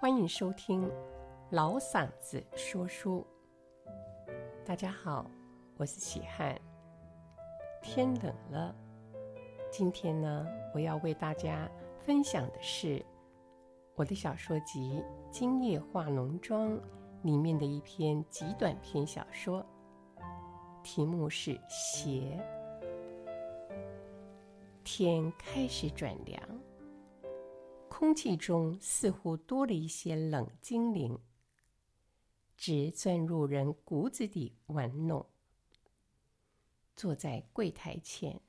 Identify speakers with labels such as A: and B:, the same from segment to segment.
A: 歡迎收聽《老嗓子說書》。大家好，我是喜菡。天冷了，今天呢，我要為大家分享的是我的小說集《今夜化濃妝》裡面的一篇極短篇小說，題目是《鞋》。天開始轉涼。空氣中似乎多了一些冷精靈，直鑽入人骨子裡玩弄。坐在櫃檯前，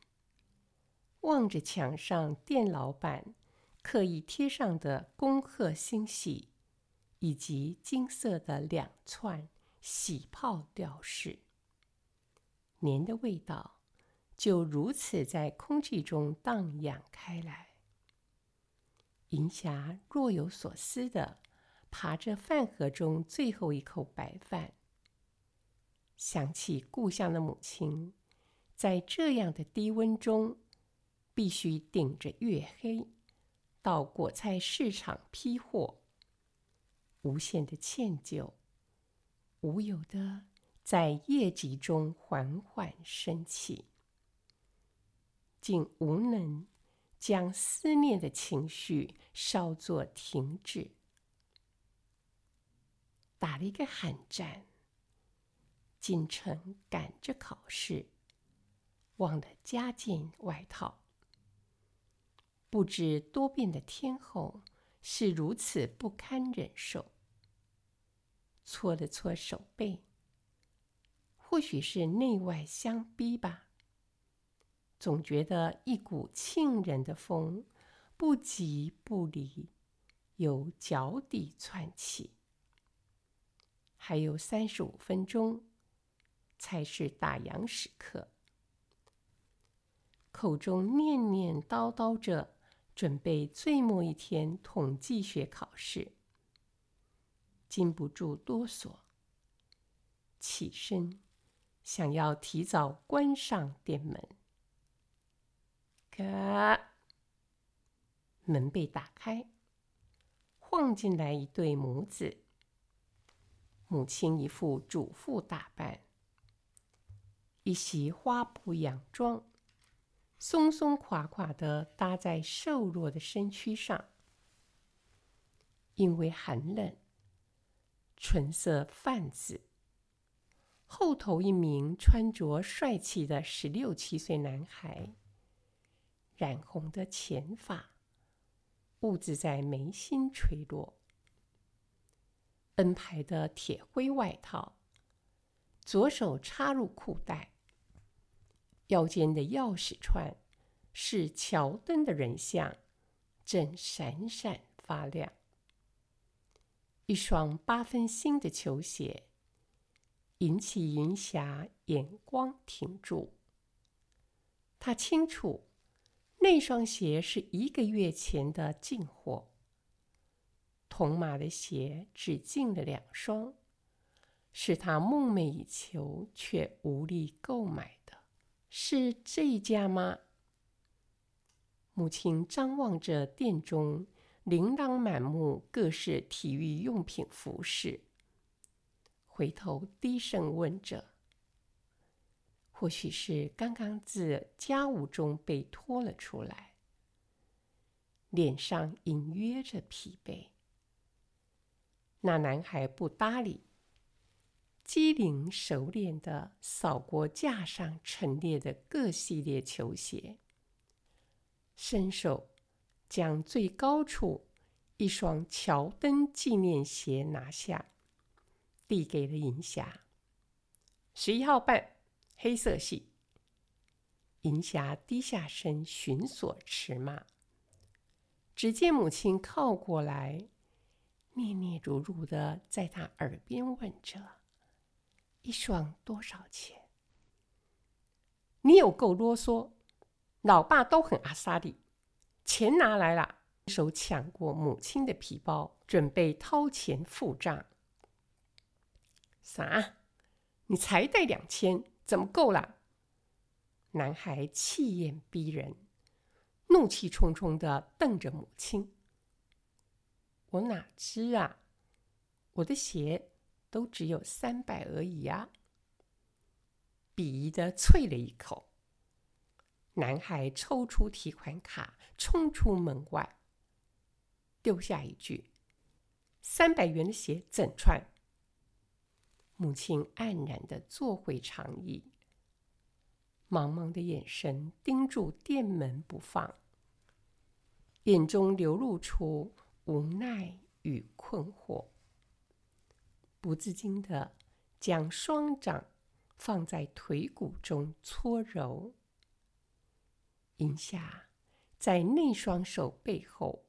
A: 望着牆上店老板刻意貼上的恭賀新喜，以及金色的兩串喜炮吊飾，年的味道就如此在空氣中盪漾開來。銀霞若有所思地扒着飯盒中最後一口白飯，想起故鄉的母親，在這樣的低溫中，必須頂着月黑，到果菜市場批貨，無限的歉疚，無由地在夜寂中緩緩升起，竟無能。將思念的情緒稍作停止，打了一個寒戰。進城趕着考試，忘了加件外套。不知多變的天候是如此不堪忍受，搓了搓手背。或許是內外相逼吧。總覺得一股沁人的風，不即不離，由腳底竄起。還有三十五分鐘，才是打烊時刻。口中念念叨叨着，準備最末一天統計學考試，禁不住哆嗦，起身想要提早關上店門。門被打開，晃進來一對母子。母親一副主婦打扮，一襲花布洋裝，松鬆垮垮的搭在瘦弱的身軀上。因為寒冷，唇色泛紫。後頭一名穿着帥氣的十六七歲男孩。染紅的淺髮，兀自在眉心垂落；N 牌的鐵灰外套，左手插入褲袋，腰間的鑰匙串是喬登的人像，正閃閃發亮。一雙八分新的球鞋，引起銀霞眼光停住。他清楚，那雙鞋是一個月前的進貨，同碼的鞋只進了兩雙，是他夢寐以求卻無力購買的，是這一家嗎？母親張望着店中琳琅滿目各式體育用品服飾，回頭低聲問着。或許是剛剛自家務中被拖了出來，臉上隱約着疲憊。那男孩不搭理，機靈熟練的掃過架上陳列的各系列球鞋，伸手將最高處一雙喬丹紀念鞋拿下，遞給了銀霞。十一號半。黑色系。銀霞低下身尋索尺碼，只見母親靠過來，囁囁嚅嚅的在她耳邊問着：“一雙多少錢？”你有夠囉嗦，老爸都很阿莎力的，錢拿來了，一手搶過母親的皮包，準備掏錢付賬。啥？你才帶兩千？怎麼夠了？男孩氣焰逼人，怒氣沖沖的瞪着母親。我哪知啊，我的鞋都只有三百而已啊。鄙夷的啐了一口。男孩抽出提款卡，衝出門外，丟下一句：“三百元的鞋怎穿？”母親黯然的坐回長椅，茫茫的眼神盯住店門不放，眼中流露出無奈與困惑，不自禁地將雙掌放在腿骨中搓揉。銀霞在那雙手背後，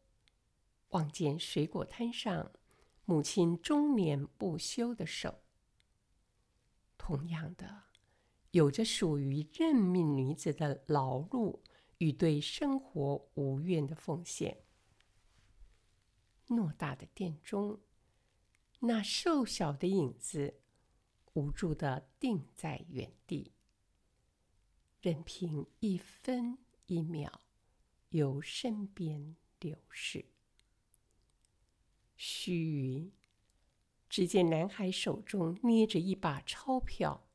A: 望見水果攤上母親終年不休的手。同樣的，有着屬於任命女子的勞碌與對生活無怨的奉獻。偌大的店中，那瘦小的影子無助地定在原地，任憑一分一秒由身邊流逝。須臾。只見男孩手中捏着一把鈔票，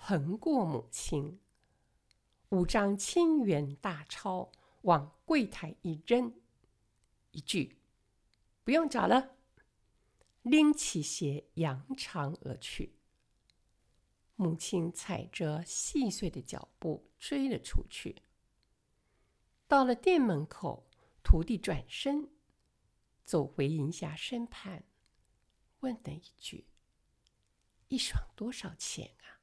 A: 橫過母親，五張千元大鈔往櫃檯一扔，一句“不用找了”，拎起鞋揚長而去。母親踩着細碎的腳步追了出去。到了店門口，徒弟轉身，走回銀霞身畔。問了一句：“一雙多少錢啊？”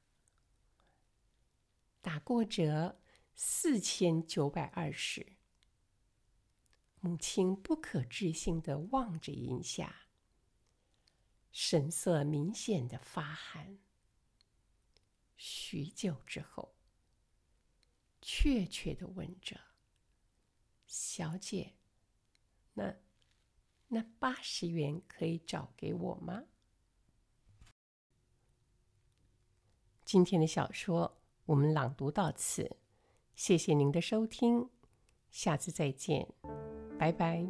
A: 打過折，四千九百二十。母親不可置信的望着銀霞，神色明顯的發寒。許久之後，怯怯的問着：“小姐，那……”那八十元可以找給我嗎？今天的小說我們朗讀到此，謝謝您的收聽，下次再見，拜拜。